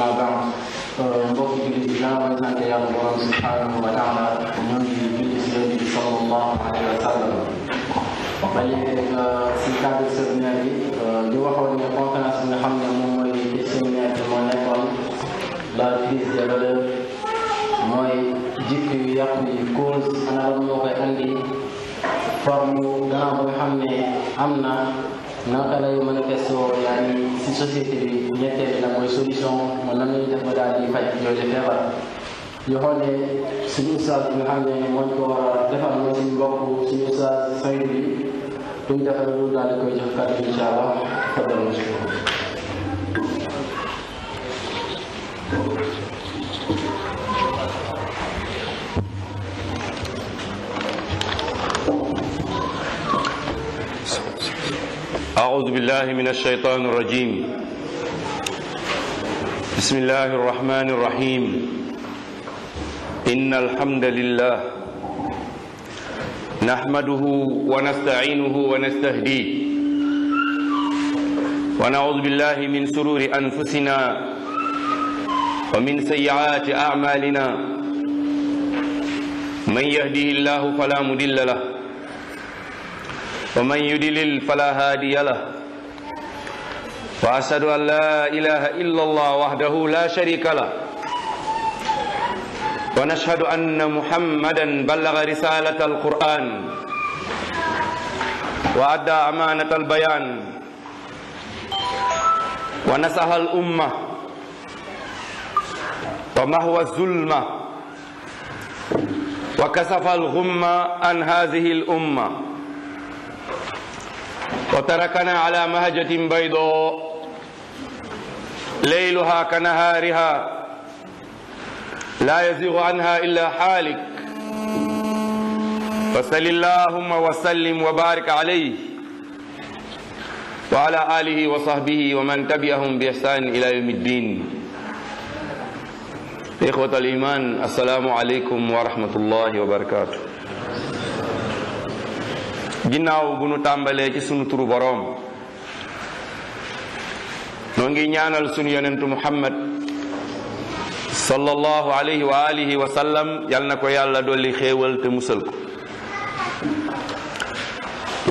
amma ba'd mbokk jullit yi ginnaaw ba ñu sant yàlla borom subhanahu wa taala ñoo ngi julli si yonent bi sallallahu alayhi wa sallam ba léegi si cadre séminaire bi di waxoon ne conférence bi nga xam ne moom mooy ci séminaire bi moo nekkoon la crise des valeurs mooy jikko yu yàqu yi cause ana lan moo koy andi forme gannaaw ba nga xam ne am na naka lay manifesté yaa ngi ci société bi ñetteel la mooy solution mooy nan lañu daal di faj yooyu feebar ñu xool ne suñu ustaas bi nga xam ne mooñ ko war a defal mooy suñu mbokk suñu ustaas saytu bi duñ defal lu daal di koy jox kàddu incha allah أعوذ بالله من الشيطان الرجيم بسم الله الرحمن الرحيم إن الحمد لله نحمده ونستعينه ونستهديه ونعوذ بالله من سرور أنفسنا ومن سيئات أعمالنا من يهده الله فلا مضل له ومن يدلل فلا هادي له وأشهد أن لا إله إلا الله وحده لا شريك له ونشهد أن محمدا بلغ رسالة القرآن وأدى أمانة البيان ونصح الأمة ومهوى الظلمة وكسف الغمة عن هذه الأمة وتركنا على مهجة بيضاء ليلها كنهارها لا يزيغ عنها إلا حالك فصل اللهم وسلم وبارك عليه وعلى آله وصحبه ومن تبعهم بإحسان إلى يوم الدين إخوة الإيمان السلام عليكم ورحمة الله وبركاته ginnaaw bu nu tàmbalee ci sunu turu boroom noo ngi ñaanal sunu yonentu muhammad sallallahu alayhi wa alihi wa sallam yal na ko yàlla dolli xéewal te musal ko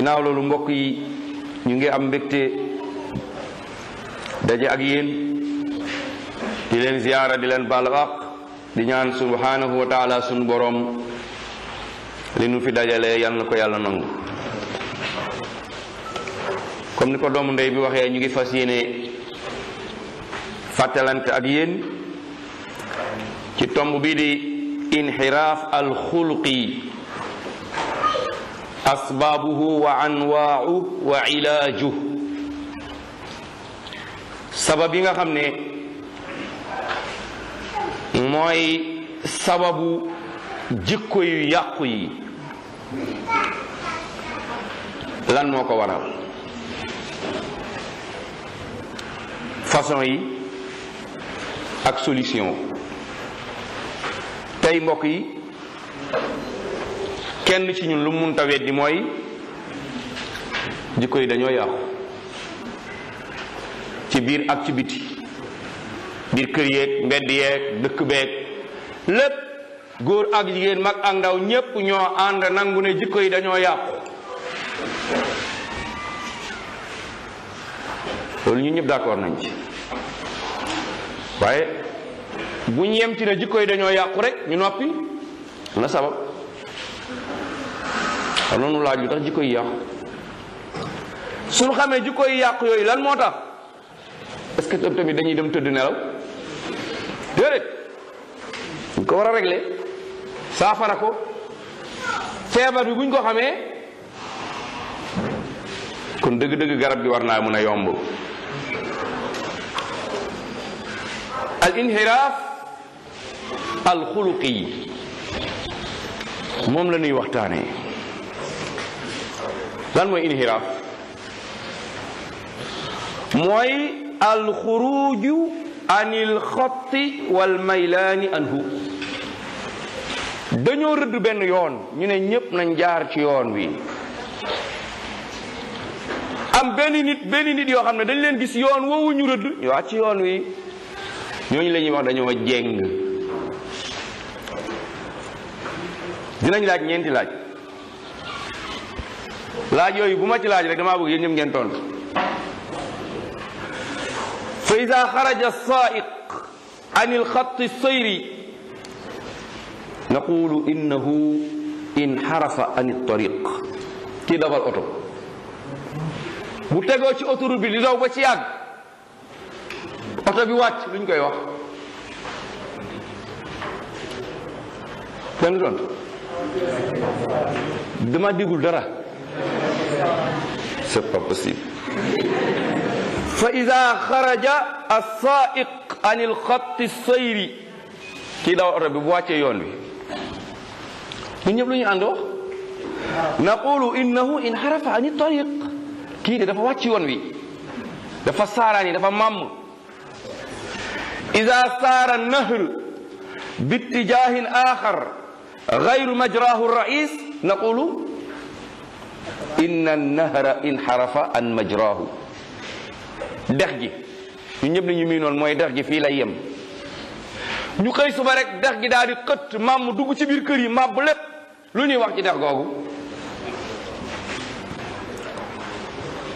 loolu mbokk yi ñu ngi am mbégte daje ak yéen di leen ziyaara di leen baal di ñaan subhanahu wa taala sunu boroom li nu fi dajalee yal na ko yàlla nangu ni ko doomu ndey bi waxee ñu ngi fas yéene fàttalante ak yéen ci tomb bii di inxiraaf alxuluqi asbaabuhu wa anwaau wa ilaaju sabab yi nga xam ne mooy sababu jikko yu yàqu yi lan moo ko waral façon yi ak solution tey mbokk yi kenn ci ñun lu mun ta weddi mooy jikko yi dañoo yàqu ci biir ak ci biti biir kër yeeg mbedd yeeg dëkk beeg lépp góor ak jigéen mag ak ndaw ñépp ñoo ànd nangu ne jikko yi dañoo yàqu loolu ñu ñëpp d'accord nañ ci waaye bu ñu yem ci ne jikko yi dañoo yàqu rek ñu noppi na sabab xam noonu laaj lu tax jikko yi yàqu suñu xamee jikko yi yàqu yooyu lan moo tax est-ce que tamit dañuy dem tëdd nelaw déedéet ñu ko war a régler saafara ko feebar bi buñ ko xamee kon dëgg-dëgg garab gi war naa mën a yomb al-inhiraaf al moom la ñuy waxtaanee lan mooy inhiraaf mooy alxuruju an ilxatti walmaylaani anhu dañoo rëdd benn yoon ñu ne ñépp nañ jaar ci yoon wi am benn nit benn nit yoo xam ne dañ leen gis yoon woowu ñu rëdd ñu wàcc ci yoon wi ñooñu la ñuy wax dañoo jéng dinañ laaj ñeenti laaj laaj yooyu bu ma ci laaj rek damaa bëgg yéen ñëpp ngeen tontu fa ida xaraja saiq an ilxati sayri naqulu innahu inxarafa an iltariq kii dawal oto bu tegoo ci autoroute bi di daw ba ci yàgg oto bi wàcc luñ koy wax benn dara c'est pas possible fa ida xaraja saiq an il xatti sayri kii daw oto bi bu wàccee yoon bi ñun ñëpp lu ñu àndoo naqulu an il tariq kii de dafa wàcc yoon wi dafa saaraani dafa màmm ida saara nahr bittijahin axar gayru majrahu rais naqulu inna nahra inxarafa an majrahu dex gi ñu ñëpp ni ñu miinoon mooy dex gi fii lay yem ñu xëy suba rek dex gi daal di xëtt maam dugg ci biir kër yi màbb lépp lu ñuy wax ci dex googu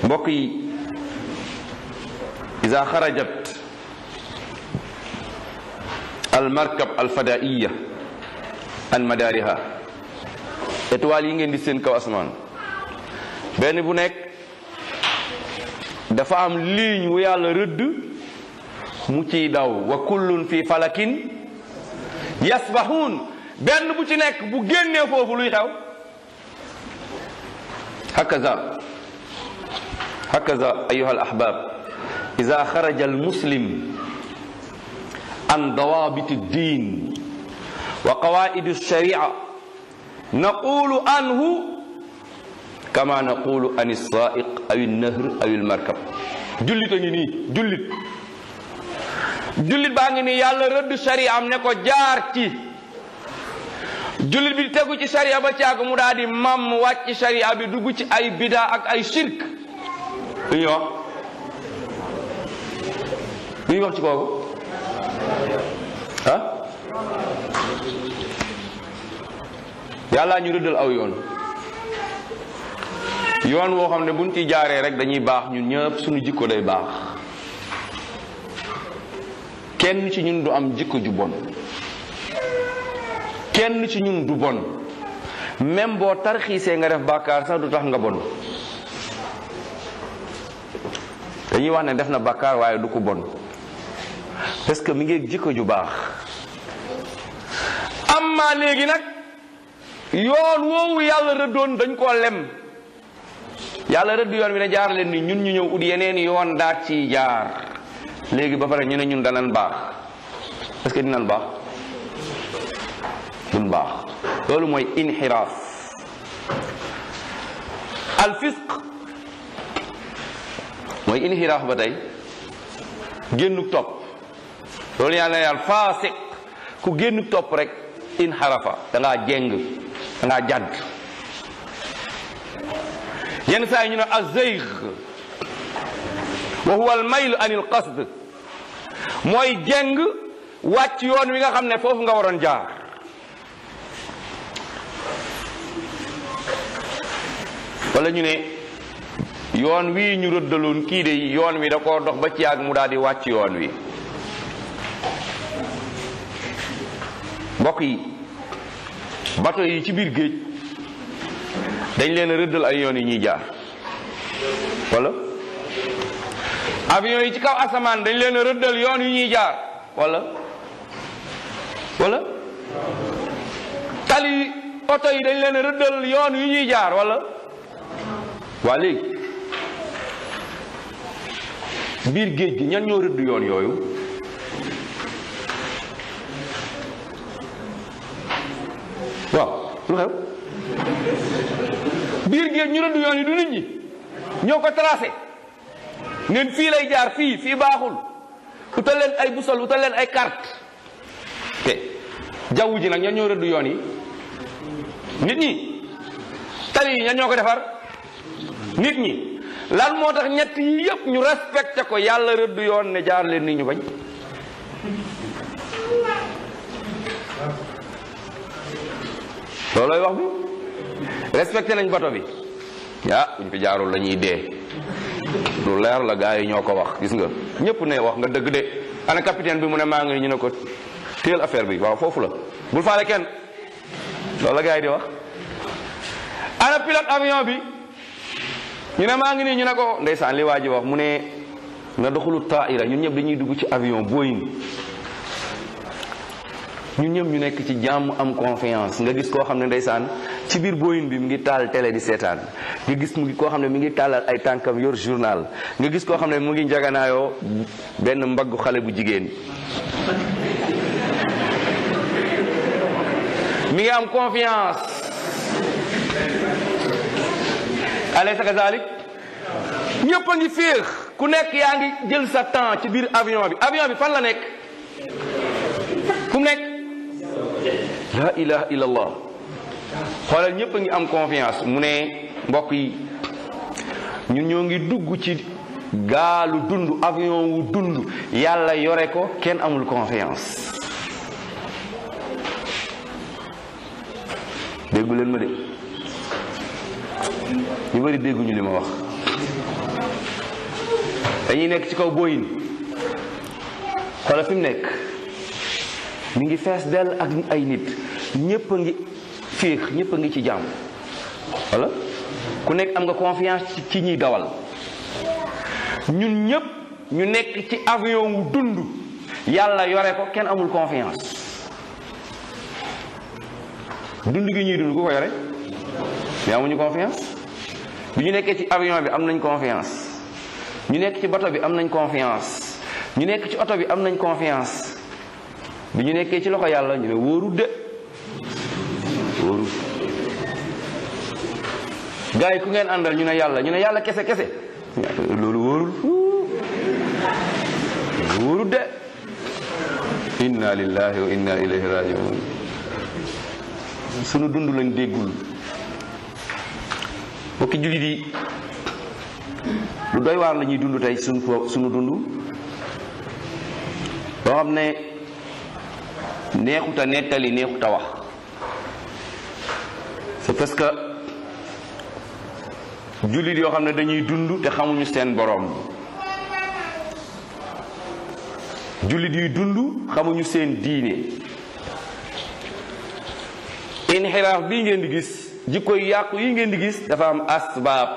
mbokk yi isa xarajat almarkab alfadaiya an madaariha étoile yi ngeen di seen kaw asmaan benn bu nekk dafa am ligne wu yàlla rëdd mu ci daw wa kullun fi falakin yasbahuun benn bu ci nekk bu génnee foofu luy xew hakaza hakaza ayuha al ida xaraja al عن ضوابط الدين وقواعد الشريعة نقول عنه كما نقول عن السائق أو النهر أو المركب jullit a ngi nii jullit jullit baa ngi nii yàlla rëdd sariya am ne ko jaar ci jullit bi tegu ci sariya ba caag mu daal di mam wàcc sariya bi dugg ci ay bida ak ay sirk lu ñuy wax lu ñuy wax ci kooku ah yàllaa ñu rëddal aw yoon yoon woo xam ne buñ ci jaaree rek dañuy baax ñun ñëpp suñu jikko day baax kenn ci ñun du am jikko ju bon kenn ci ñun du bon même boo tarxiisee nga def bàkkaar sax du tax nga bon dañuy wax ne def na bàkkaar waaye du ko bon parce que mi ngi jikko ju baax amma léegi nag yoon woowu yàlla rëddoon dañ koo lem yàlla rëdd yoon wi ne jaar leen ni ñun ñu ñëw ut yeneen yoon daat ci jaar léegi ba pare ñu ne ñun danañ baax parce que dinañ baax duñ baax loolu mooy inxiraaf al fisq mooy inxiraaf ba tey génnuk topp loolu yàlla yàlla faasiq ku génn topp rek in xarafa da ngaa jeng jàdd yenn saa yi ñu ne azeyg wa huwa al mayl an il qasd mooy jëng wàcc yoon wi nga xam ne foofu nga waroon jaar walla ñu ne yoon wii ñu rëddaloon kii de yoon wi da ko dox ba ci yàgg mu daal wàcc yoon wi mbokk yi bato yi ci biir géej dañ leen a rëddal ay yoon yu ñuy jaar wala avion yi ci kaw asamaan dañ leen a rëddal yoon yu ñuy jaar wala wala tali oto yi dañ leen a rëddal yoon yi ñuy jaar wala waa léegi biir géej gi ñan ñoo rëdd yoon yooyu waaw lu xew biir géej ñu rëdd yoon yi du nit ñi ñoo ko tracé ngeen fii lay jaar fii fii baaxul utal leen ay busal utal leen ay carte te ji nag ña ñoo rëdd yoon yi nit ñi tali yi ñoo ko defar nit ñi laal moo tax ñett yi yëpp ñu respecté ko yàlla rëdd yoon ne jaar leen ni ñu bañ loolooy wax bi respecté nañ bato bi ah buñ fi jaarul la ñuy lu leer la gars yi ñoo ko wax gis nga ñëpp ne wax nga dëgg de ana capitaine bi mu ne maa ngi ñu ne ko téel affaire bi waaw foofu la bul faale kenn loolu la gars yi di wax ana avion bi ñu ne maa ngi nii ñu ne ko ndeysaan li waa ji wax mu ne na doxalu taira ñun ñëpp dañuy dugg ci avion Boeing ñun ñëpp ñu nekk ci jàmm am confiance nga gis koo xam ne ndeysaan ci biir booyin bi mu ngi taal télé di seetaan nga gis mu ngi koo xam ne mu ngi taalal ay tànkam yor journal nga gis koo xam ne mu ngi njaganaayoo benn mbaggu xale bu jigéen mi ngi am confiance alaysa kazalik ñëpp a ngi féex ku nekk yaa ngi jël sa temps ci biir avion bi avion bi fan la nekk fu nekk laa ilaha illallah xoolal ñëpp a ngi am confiance mu ne mbokk yi ñun ñoo ngi dugg ci gaalu dund avion wu dund yàlla yore ko kenn amul confiance dégguleen leen ma de ñu bari dégguñu li ma wax dañuy nekk ci kaw Boeing xoolal fi nekk mi ngi fees dell ak ay nit ñëpp a ngi féex ñëpp a ngi ci jàmm wala ku nekk am nga confiance ci ñuy dawal ñun ñëpp ñu nekk ci avion wu dund yàlla yore ko kenn amul confiance dund gi ñuy dund ku ko yore mais amuñu confiance bi ñu nekkee ci avion bi am nañ confiance ñu nekk ci bato bi am nañ confiance ñu nekk ci oto bi am nañ confiance bi ñu nekkee ci loxo yàlla ñu ne wóorut de wóorut gars ku ngeen àndal ñu ne yàlla ñu ne yàlla kese kese loolu wóorul wóorut de inna lillahi wa inna ilayhi rajiun sunu dund lañ déggul mbokki jullit yi lu doy waar la ñuy dund tey sunu fo sunu dund loo xam ne neexut a nettali neexut a wax c'est parce que jullit yoo xam ne dañuy dund te xamuñu seen boroom jullit yuy dund xamuñu seen diine inxiraaf bii ngeen di gis jikko yu yàqu yi ngeen di gis dafa am asbaab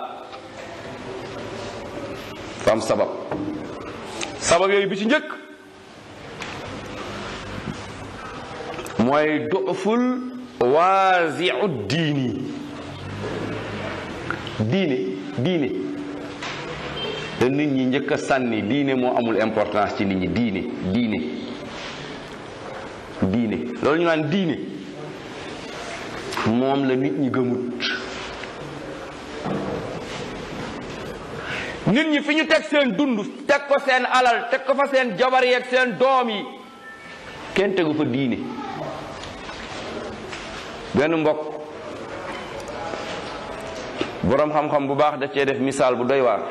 dafa am sabab sabab yooyu bi ci njëkk mooy doful waasiu diini diine diine la nit ñi njëkk a sànni diine moo amul importance ci nit ñi diine diine diine loolu ñu naan diine moom la nit ñi gëmut nit ñi fi ñu teg seen dund teg ko seen alal teg ko fa seen jabar yeeg seen doom yi kenn tegu fa diine benn mbokk boroom xam-xam bu baax da cee def misaal bu doy waar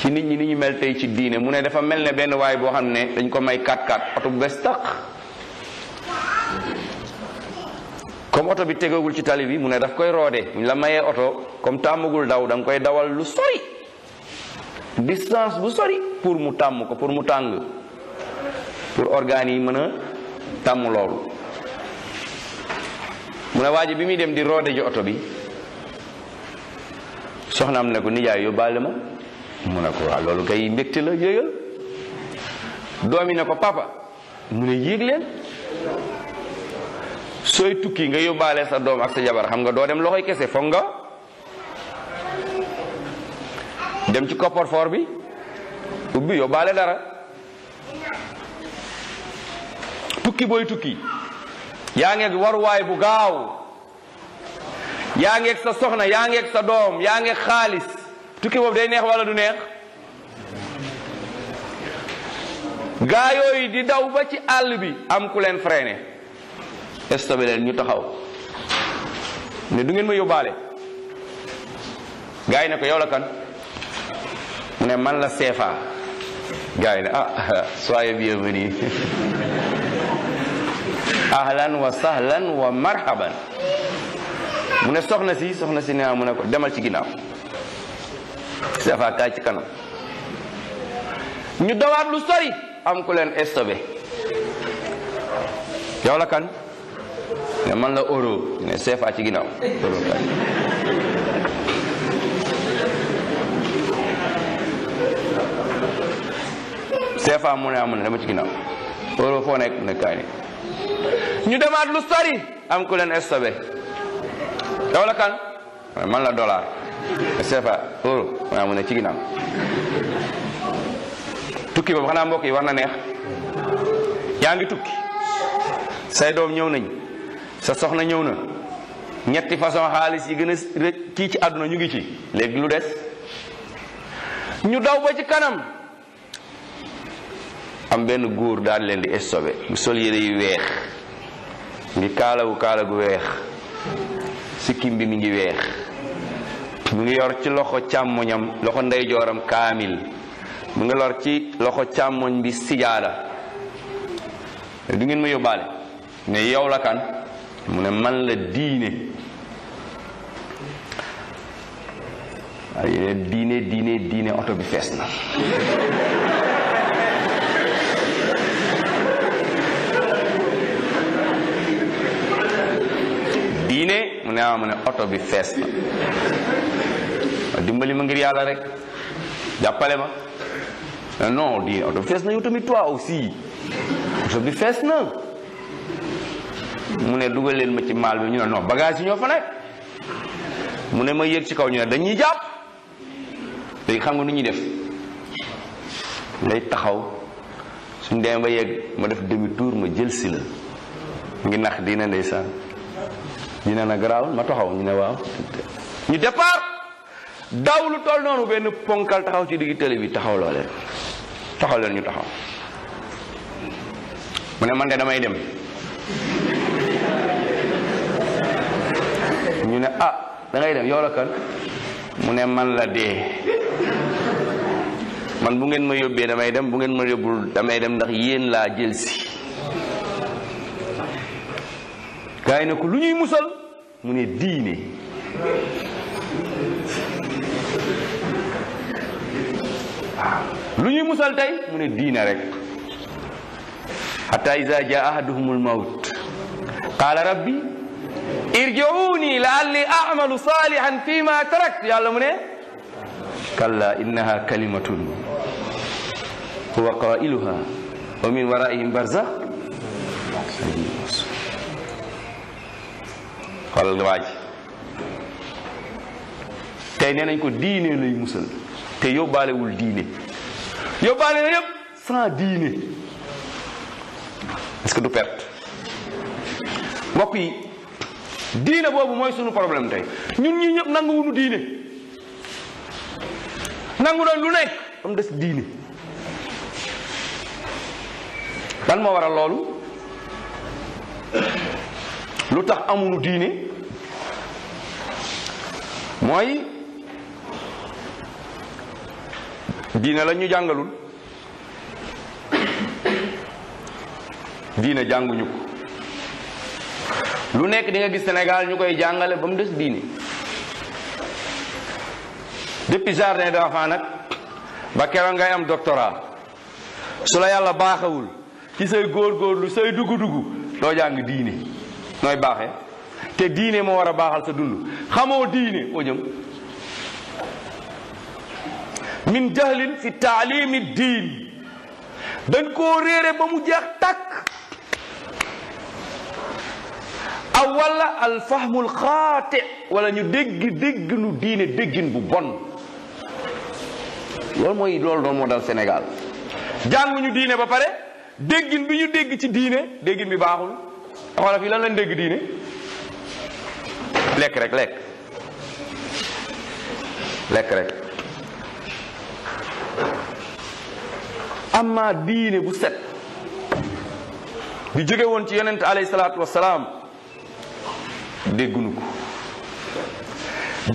ci nit ñi ni ñu mel tey ci diine mu ne dafa mel ne benn waay boo xam ne dañ ko may 4 x oto bu bees tàq comme oto bi tegagul ci tali bi mu ne daf koy roode ñu la mayee oto comme tàmmagul daw danga koy dawal lu sori distance bu sori pour mu tàmm ko pour mu tàng pour organes yi mën a sàmm loolu mu ne waaj bi muy dem di roode ji oto bi soxnaam ne ko nijaay yóbbaale ma mu ne ko waaw loolu kay mbégte la yéegal doom yi ne ko papa mu ne yéeg leen sooy tukki nga yóbbaale sa doom ak sa jabar xam nga doo dem loxoy kese foog nga dem ci coffre-fort bi ubbi yóbbaale dara tukki booy tukki yaa ngeeg waruwaay bu gaaw yaa ngeeg sa soxna yaa ngeeg sa doom yaa ngeeg xaalis tukki boobu day neex wala du neex gaa yooyu di daw ba ci àll bi am ku leen freiné stopé leen ñu taxaw ne du ngeen ma yóbbaale gaa ne ko yow la kan mu ne man la seefaa gaa yi ne ah soyez bienvenue ahlan wa sahlan wa marhaban mu ne soxna si soxna si ne mu ko demal ci ginnaaw safa kaay ci kanam ñu dawaat lu sori am ku leen stoppé yow la kan ne man la euro ne seefa ci ginnaaw euro kan seefa mu ne ci ginnaaw euro foo nekk ne kaay ñu demaat lu sori am ku leen stoppé yow la kan man la dollar c'est pas euro mu ne ci ginnaaw tukki boobu xanaa mbokk yi war na neex yaa ngi tukki say doom ñëw nañ sa soxna ñëw na ñetti façon xaalis yi gën a kii ci àdduna ñu ngi ci léegi lu des ñu daw ba ci kanam am benn góor daal leen di estobe bu sol yére yu weex ngi kaala kaalagu weex sikkim bi mu ngi weex mu ngi yor ci loxo càmmoñam loxo ndeyjooram kaamil mu ngi lor ci loxo càmmoñ bi sijaada du ngeen ma yóbbaale ne yow la kan mu ne man la diine waaye diine diine diine oto bi fees na diine mu ne ah, ma ne oto bi fees na ma dimbali ma ngir yàlla rek jàppale ma no diine oto bi fees na yow tamit toi oto bi fees na mu ne dugal leen ma ci maal bi ñu ne non bagage yi ñoo fa nekk mu ne ma yéeg ci kaw ñu ne dañuy jàpp léegi xam nga nu ñuy def lay taxaw suñ demee ma yegg ma def demi tuur ma jël si la ngi nax diina ndeysaan ñu ne na garaaw ma taxaw ñu ne waaw ñu départ daw lu toll noonu benn ponkal taxaw ci digg télé bi taxaw loo leen ñu taxaw mu ne man de damay dem ñu ne ah da dem yow mu ne man la de man bu ngeen ma yóbbee damay dem bu ngeen ma yóbbul damay dem ndax yéen laa jëlsi gaay ne ko lu ñuy musal mu ne diine lu ñuy musal tey mu ne diine rek hatta iza jaa ahaduhumul mawt qaala rabbi irji'uuni la'alli a'malu salihan fi ma tarakt yàlla mu ne kalla innaha kalimatun huwa qaa'iluha wa min waraihim barzakh xoolal waaj tey nee nañ ko diine lay musal te yóbbaalewul diine yóbbaale na yëpp sans diine est que du perte mbokk yi diine boobu mooy sunu problème tey ñun ñii ñëpp nanguwuñu diine nangu doon lu nekk am des diine lan moo a loolu lu tax amuñu diine mooy diine la ñu jàngalul diine jànguñu ko lu nekk dinga gis Sénégal ñu koy jàngale ba mu des diine depuis jardin d'enfant nag ba keroog ngay am doctorat su la yàlla baaxewul ci say góor góorlu say dugg dugg doo jàng diine nooy baaxee te diine moo war a baaxal sa dund xamoo diine foo jëm min jahlin fi taalimi diin dañ koo réere ba mu jeex tàkk aw wala alfahmul xaate wala ñu dégg dégg nu diine déggin bu bon loolu mooy loolu doon moo dal Sénégal jànguñu diine ba pare déggin bi ñu dégg ci diine déggin bi baaxul xoolal fii lan lañ dégg diine lekk rek lekk lekk rek amma diine bu set bi jóge woon ci yonent alayhi salaatu wasalaam déggunu ko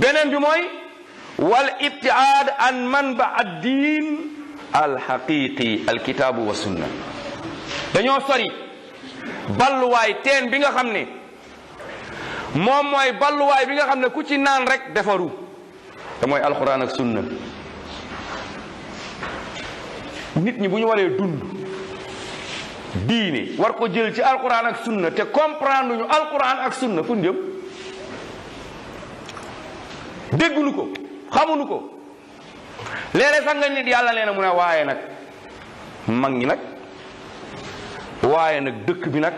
beneen bi mooy wal ibtiaad an manba ad diin al haqiqi al kitaabu wa sunna dañoo sori balluwaay teen bi nga xam ne moom mooy balluwaay bi nga xam ne ku ci naan rek defaru te mooy alxuraan ak sunna nit ñi bu ñu waree dund diine war ko jël ci alxuraan ak sunna te comprendre ñu alxuraan ak sunna fu jëm déggunu ko xamunu ko léeg-léeg sax nga nit yàlla nee na mu ne waaye nag mag ñi nag waaye nag dëkk bi nag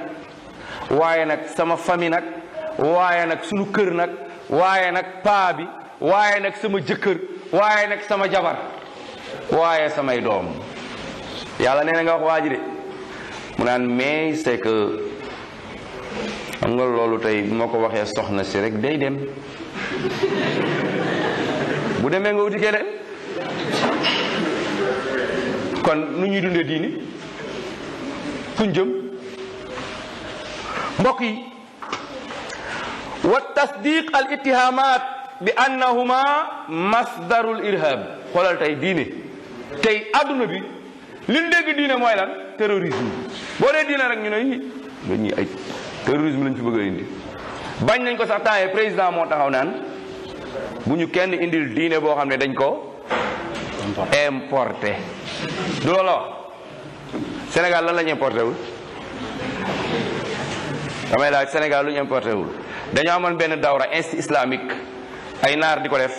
waaye nag sama famille nag waaye nag sunu kër nag waaye nag paa bi waaye nag sama jëkkër waaye nag sama jabar waaye samay doom yàlla nee na nga wax waa de mu naan mais c'est que xam nga loolu tey bu ma ko waxee soxna si rek day dem bu demee nga wuti keneen kon nu ñuy dundee diini fuñ jëm mbokk yi wa tasdiq al ittihamat bi annahuma masdarul irhab xoolal tey diine tey adduna bi li ñu dégg diine mooy lan terrorisme boo dee diine rek ñu ne yi dañuy ay terrorisme lañ fi bëgg a indi bañ nañ ko sax temps président moo taxaw naan bu ñu kenn indi diine boo xam ne dañ ko importé du loolu wax Sénégal lan lañ importé wul laaj Sénégal lu ñu dañoo amoon benn dawra insti islamique ay naar di ko def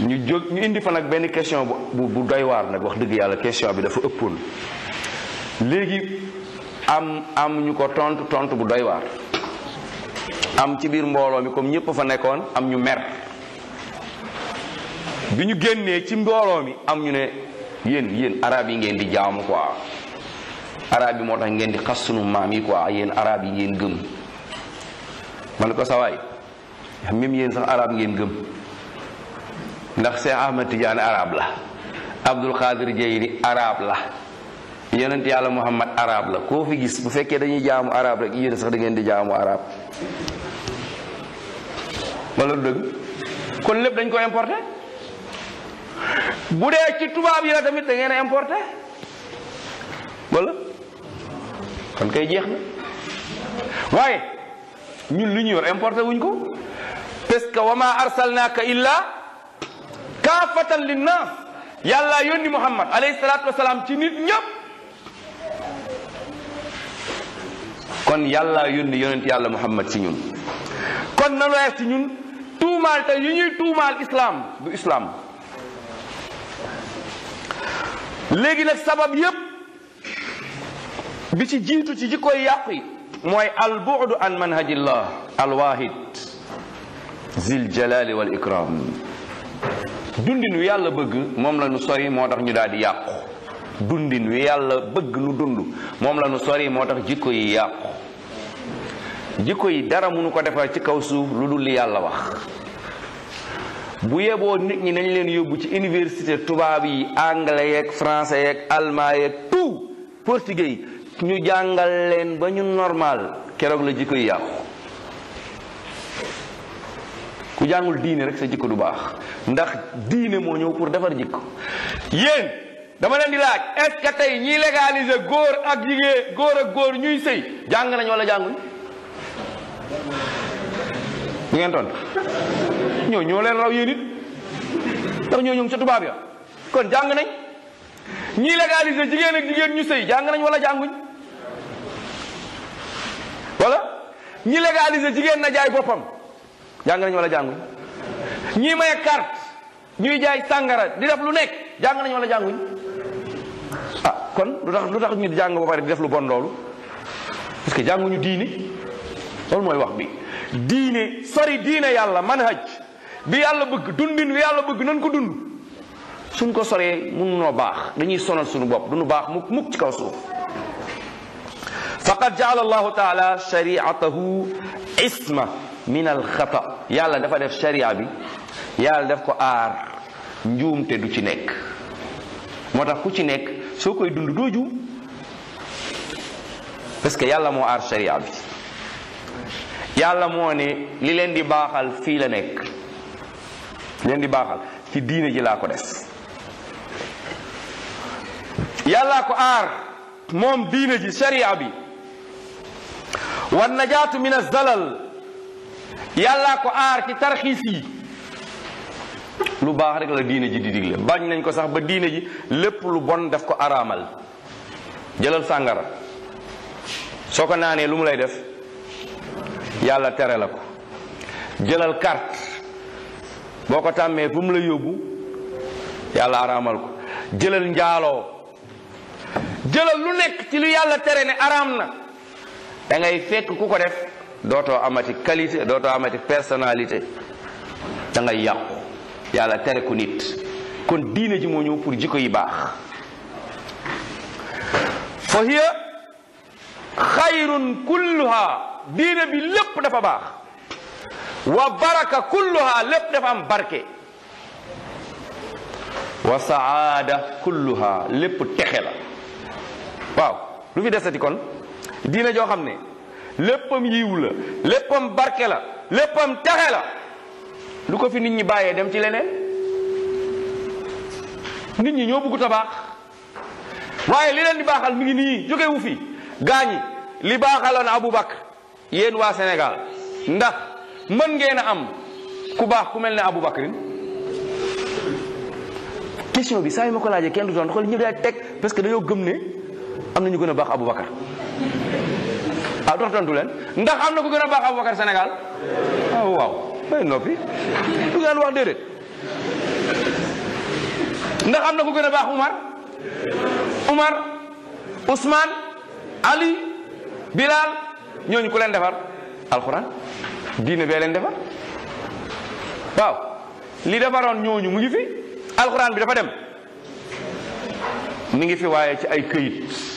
ñu jóg ñu indi fa nag benn question bu bu doy waar nag wax dëgg yàlla question bi dafa ëppoon léegi am am ñu ko tontu tontu bu doy am ci biir mbooloo mi comme ñëpp fa nekkoon am ñu mer bi ñu génnee ci mbooloo mi am ñu ne yéen yéen arab yi ngeen di jaamu quoi arab yi moo tax ngeen di xas sunu maam yi quoi yéen arab yi ngeen gëm. man ko sawaay même yéen sax arab ngeen gëm ndax Cheikh Ahmed Tidiane arab la Abdul Qadir Jeyri arab la yonent yàlla Muhammad arab la koo fi gis bu fekkee dañuy jaamu arab rek yéen sax da ngeen di jaamu arab wala du dëgg kon lépp dañ ko importé bu dee ci tubaab yi la tamit da ngeen a kon kay jeex na waaye ñun lu ñuy yor importé wuñ ko parce que wa ma arsalnaaka illaa kaafatan linnaas yàlla yónni muhammad alayhi salaat wasalaam ci nit ñam kon yàlla yónni yonent yàlla muhammad ci ñun kon na leer ci ñun tuumaal te yu ñuy tuumaal islaam du islaam léegi nag sabab yépp bi ci jiitu ci jikkoy yàqu yi mooy al bu'du an manhajillah al wahid zil jalali wal ikram dundin wi yàlla bëgg moom la nu sori moo tax ñu daal di yàqu dundin wi yàlla bëgg nu dund moom la nu sori moo tax jikko yi yàqu jikko yi dara mënu ko defar ci kaw suuf lu dul li yàlla wax bu yeboo nit ñi nañ leen yóbbu ci université tubaab yi anglais yeeg français yeeg allemand yeeg tout portugais ñu jàngal leen ba ñu normal keroog la jikko yi yàqu ku jàngul diine rek sa jikko du baax ndax diine moo ñëw pour defar jikko yéen dama leen di laaj est-ce que tey ñiy légaliser góor ak jigéen góor ak góor ñuy sëy jàng nañ wala jànguñ ngeen tontu ñoo ñoo leen raw yéen it ndax ñoo ñoom ca ya kon jàng nañ ñiy légaliser jigéen ak jigéen ñu sëy jàng nañ wala jànguñ voilà ñi légaliser jigéen na jaay boppam jàng nañu wala jànguñ ñi may carte ñuy jaay sàngara di def lu nekk jàng nañu wala jànguñ a ah, kon lu tax lu tax ñu jàng ba pare di def lu bon loolu parce que jànguñu diine loolu mooy wax bi diine sori diine yàlla manhaj bi yàlla bëgg dundin wi yàlla bëgg nañ ko dund suñ ko soree mun noo baax dañuy sonal sunu bopp duñu baax muk mukk ci kaw suuf faqad jaala allahu taala shariatahu isma min alxata yàlla dafa def sharia bi yàlla def ko aar njuumte du ci nekk moo tax ku ci nekk soo koy dund doo juum parce que yàlla moo aar sharia bi yàlla moo ne li leen di baaxal fii la nekk li leen di baaxal ci diine ji laa ko des yàllaa ko aar moom diine ji sharia bi wan najaatu min az-zalal yàllaa ko aar ci tarxiis yi lu baax rek la diine ji di digle bañ nañ ko sax ba diine ji lépp lu bon def ko araamal jëlal sàngara soo ko naanee lu mu lay def yàlla tere la ko jëlal carte boo ko tàmmee fu mu la yóbbu yàlla araamal ko jëlal njaaloo jëlal lu nekk ci lu yàlla tere ne araam na da ngay fekk ku ko def dootoo amati qualité dootoo amati personalité da ngay yàqu yàlla tere ko nit kon diine ji moo ñëw pour jikko yi baax fa hiya xayrun kulluha diine bi lépp dafa baax wa baraka kulluha lépp dafa am barke wa saada kulluha lépp texe la waaw lu fi desati kon diina joo xam ne léppam yiw la léppam barke la léppam texe la lu ko fi nit ñi bàyyee dem ci leneen nit ñi ñoo bëggu tabaax waaye li leen baaxal mi ngi nii jóge wu fi gaañi li baaxaloon Aboubacar yéen waa Sénégal ndax mën ngeen am ku baax ku mel ne Aboubacrin question bi saa yu ma ko laajee kenn du tontu xool ñëpp daal teg parce que dañoo gëm ne am na ñu gën a baax Aboubacar. waaw ah, dox tontu leen ndax am na ko gën a baax Aboubacar Sénégal ah, waaw waaw eh, may noppi du ngeen wax déedéet ndax am na ku gën a baax Umar Umar Ali Bilal ñooñu ku leen defar alxuraan diine bee leen defar waaw li defaroon ñooñu mu ngi fi alxuraan bi dafa dem mu ngi fi waaye ci ay këyit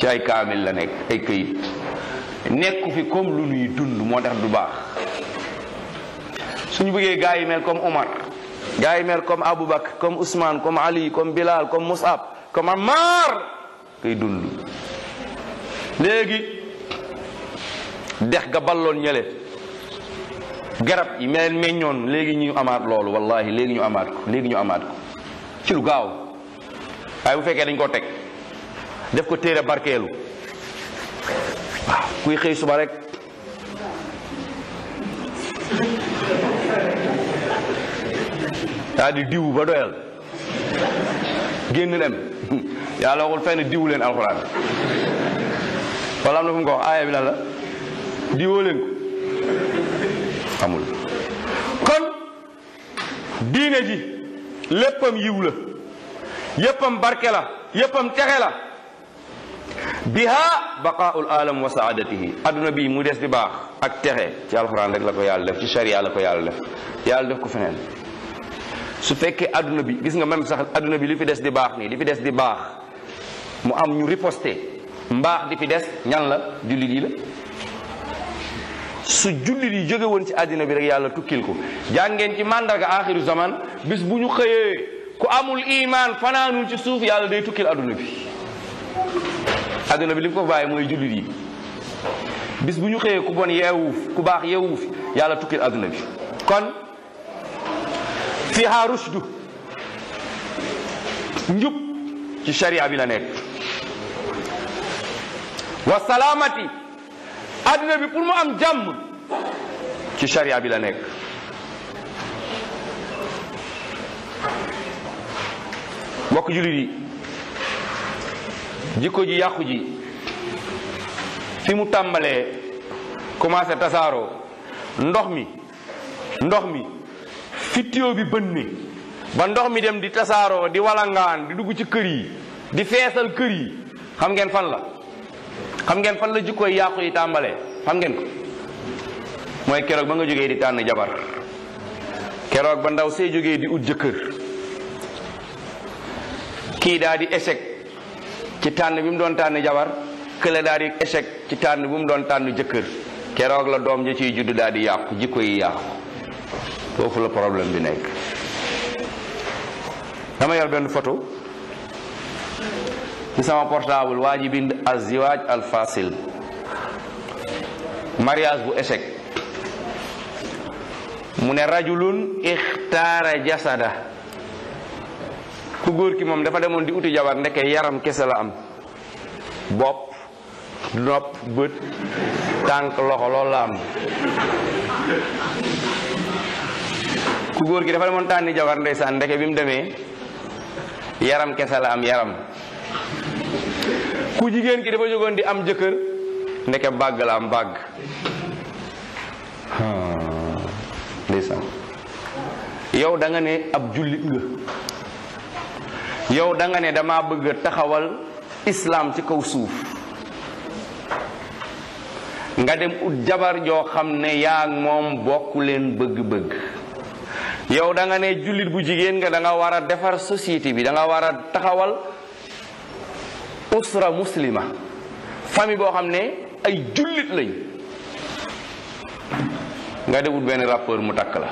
ci ay kaamil la nekk ay këyit nekku fi comme lu nuy dund moo tax du baax suñu bëggee gaa yi mel comme Omar gaa yi mel comme Aboubacar comme Ousmane comme Ali comme bilaal comme Musab comme Ammar kay dund léegi dex ga balloon ñële garab yi meleen meññoon léegi ñu amaat loolu wallahi léegi ñu amaat ko léegi ñu amaat ko ci lu gaaw waaye bu fekkee dañ koo teg def ko téere barkeelu kuy xëy suba rek daa di diw ba doyal génn dem yàlla waxul fenn diwu leen alxuraan wala am na fu ko aaya bi lan la diwoo leen ko amul kon diine ji léppam yiw la yéppam barke yéppam texe biha baqaul alam wa saadatihi adduna bi mu des di baax ak texe ci alxuraan rek la ko yàlla def ci sharia la ko yàlla def yàlla def ko feneen su fekkee adduna bi gis nga même sax adduna bi li fi des di baax nii li fi des di baax mu am ñu riposté mbaax di fi des ñan la jullit yi la su jullit yi jóge woon ci adduna bi rek yàlla tukkil ko jàngeen ci màndarga axiru zaman bis bu ñu xëyee ku amul iman fanaanul ci suuf yàlla day tukkil adduna bi adduna bi li mu ko bàyyi mooy jullit yi bis bu ñu xëyee ku bon yeewuuf ku baax yeewuuf yàlla tukkil adduna bi kon fiha rushdu njub ci sharia bi la nekk wa salaamati adduna bi pour mu am jàmm ci sharia bi la nekk mbokk jullit yi jikko ji yàqu ji fi mu tàmbalee commencé tasaaroo ndox mi ndox mi fitio bi bënne ba ndox mi dem di tasaaroo di walangaan di dugg ci kër yi di feesal kër yi xam ngeen fan la xam ngeen fan la jikko yi yàqu yi tàmbalee xam ngeen ko mooy keroog ba nga jógee di tànn jabar keroog ba ndaw see jógee di ut jëkkër kii daa di échec ci tànn bi mu doon tànn jabar kële daal di échec ci tànn bi mu doon tànn jëkkër keroog la doom ja ciy judd daal di yàqu jikko yi yàqu foofu la problème bi nekk dama yor benn photo ci sama portable waa ji bind aziwaaj al fasil mariage bu échec mu ne rajulun ixtaara jasada ku góor ki moom dafa demoon di uti jabar ndeke yaram kese la am bopp nopp bët tànk loxo loolu la am ku góor ki dafa demoon tànni jabar ndeysaan ndeke bi mu demee yaram kese la am yaram ku jigéen ki dafa jógoon di am jëkkër ndeke bàgg la am bàgg ndeysaan yow da ne ab jullit nga yow danga ne dama bëgg taxawal islaam ci kaw suuf nga dem ut jabar joo xam ne yaa moom bokk leen bëgg-bëgg yow danga ne jullit bu jigéen nga danga war a defar société bi danga war a taxawal usra muslima famille boo xam ne ay jullit lañ nga dem ut benn rapport mu takk la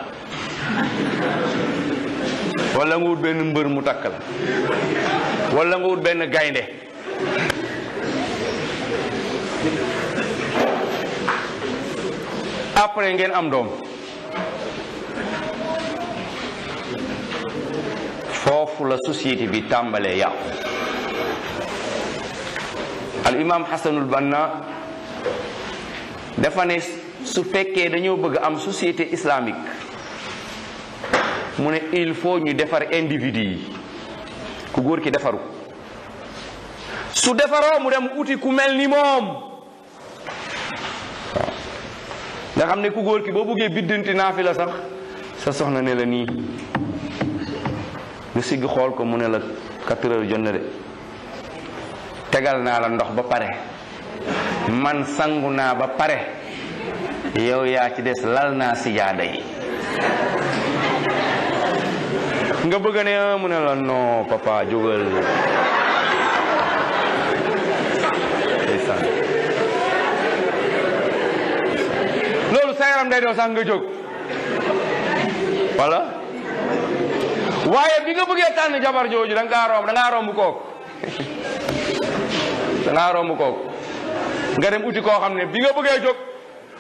wala nga wut benn mbër mu takk la wala nga wut benn gaynde après ngeen am doom foofu la société bi tàmbalee yàqu al imam Xasanul Banna dafa ne su fekkee dañoo bëgg am société islamique mu ne il faut ñu defar individu yi ku góor ki defaru su defaroo mu dem uti ku mel ni moom waaw nga xam ne ku góor ki boo buggee biddanti naafila sax sa soxna ne la nii nga sigg xool ko mu ne la quatre heures jot na de tegal naa la ndox ba pare man sangu naa ba pare yow yaa ci des lal naa sijaada yi nga bëgg ne mu ne la non papa jógal loolu sa yaram day doo sax nga jóg wala waaye bi nga bëggee tànn jabar jooju da ngaa romb da ngaa romb kooku da nga dem uti koo xam ne bi nga bëggee jóg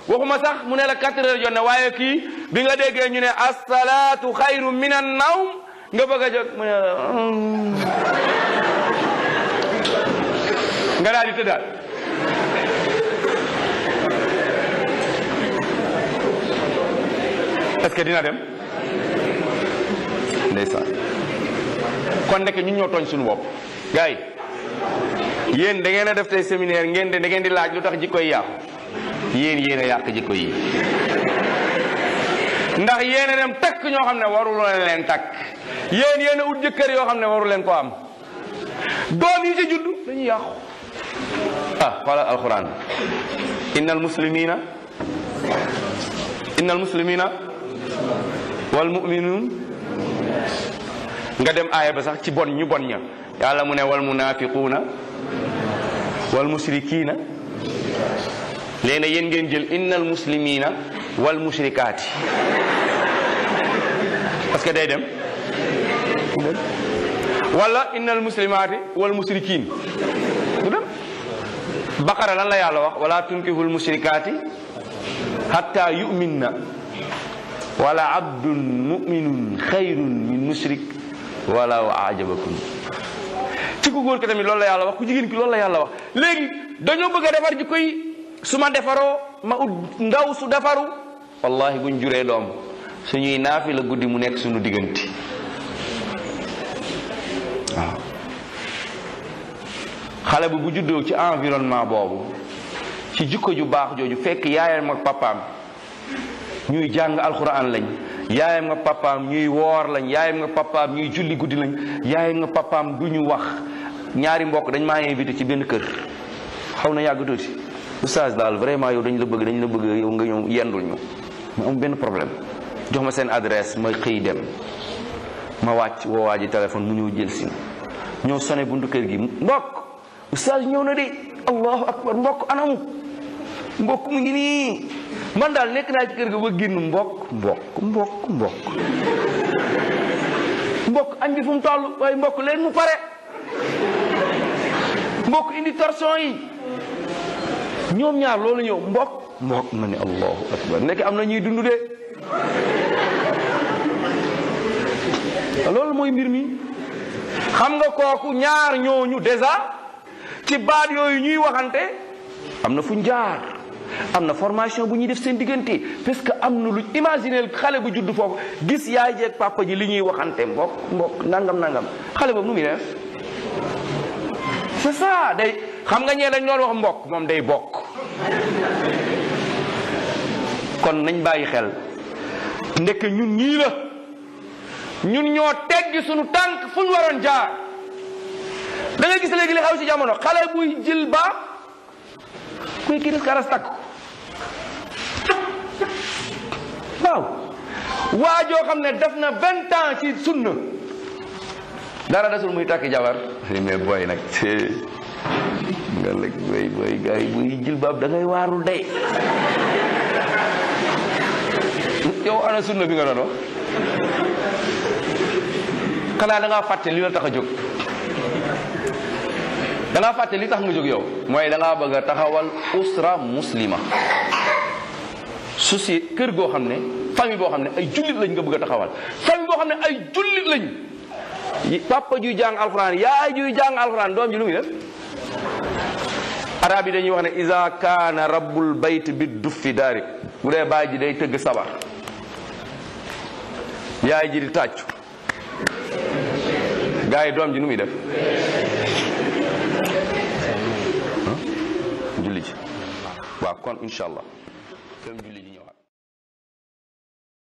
waxuma sax mu ne la quatre heures jonne waaye kii bi nga déggee ñu ne asalaatu xayru minan nawm nga bëgg a jot mu ne la nga daal di tëddaat est dina dem ndeysaan kon ndekk ñu ñoo tooñ suñu bopp gars yi yéen da ngeen a def tey séminaire ngeen de da ngeen di laaj lu tax jikko yi yàqu yéen yéen a yàq jikko yi ndax yéen dem takk ñoo xam ne warul leen takk yéen yéen a ut jëkkër yoo xam ne waru leen ko am doom yi ci juddu dañuy yàqu ah xoolal alquran innal muslimina innal muslimina wal mu'minun nga dem aaya ba sax ci bon ñu bon ña yàlla mu ne wal munafiquuna wal musrikina léegi nag yéen ngeen jël innal muslimina wal mushrikaati parce que day dem wala dem lan la yàlla wax wala tunkihul mushrikaati hatta yu'minna wala abdun muminun xayrun min mushrik walaw ajabakum ci ku yàlla wax ku jigéen ki loolu la yàlla wax léegi dañoo bëgg a defar ji koy su ma defaroo ndaw su defaru wallahi buñ juree doom suñuy naafi la guddi mu nekk suñu diggante waaw xale bi bu juddoo ci environnement boobu ci jikko ju baax jooju fekk yaayam ak papaam ñuy jàng alxuraan lañ yaayam ak papaam ñuy woor lañ yaayam ak papaam ñuy julli guddi lañ yaayam ak papaam du ñu wax ñaari mbokk dañ maa invité ci benn kër xaw na yàgg tuuti oustaz daal vraiment yow dañ la bëgg dañ la bëgg yow nga ñëw yendul ñu mu am benn problème jox ma seen adresse may xëy dem ma wàcc woo waa ji téléphone mu ñëw jël si ñëw sone buntu kër gi mbokk oustaz ñëw na de allahu akbar mbokk anamu mbokk mu ngi nii man daal nekk naa kër gi ba génn mbokk mbokk mbokk mbokk mbokk añ bi fu mu waaye mbokk leen mu pare mbokk indi torsion yi ñoom ñaar loolu ñëw mbokk mbokk ma ne allahu akbar nekk am na ñuy dund de loolu mooy mbir mi xam nga kooku ñaar ñooñu déjà ci baat yooyu ñuy waxante am na fuñ jaar am na formation bu ñuy def seen diggante parce que am na lu imaginer xale bu juddu foofu gis yaay jeeg papa ji li ñuy waxante mbokk mbokk nangam nangam xale boobu nu muy def c'est ça day xam nga ñee dañ doon wax mbokk moom day bokk kon nañ bàyyi xel ndekk ñun ñii la ñun ñoo teggi suñu tànk fu ñu waroon jaar da nga gis léegi li xaw ci jamono xale buy jël ba kuy kiris karas takk waaw waa joo xam ne def na vingt ans ci sunna dara desul muy takk jabar li mais booy nag nga lekk way way gars yi buy jilbaab da waaru day yow ana sunna bi nga doon wax xanaa da fàtte li la tax a jóg da fàtte li tax nga jóg yow mooy da ngaa bëgg a taxawal usra muslima société kër goo xam ne famille boo xam ne ay jullit lañ nga bëgg a taxawal famille boo xam ne ay jullit lañ papa juy jàng alxuraan yaay juy jàng alxuraan doom ji lu muy def arab yi dañuy wax ne isa kaana rab bayt bi duffi daari bu dee baay ji day tëgg sabar yaay ji di tàccu gaa yi doom ji nu muy def julli kon incha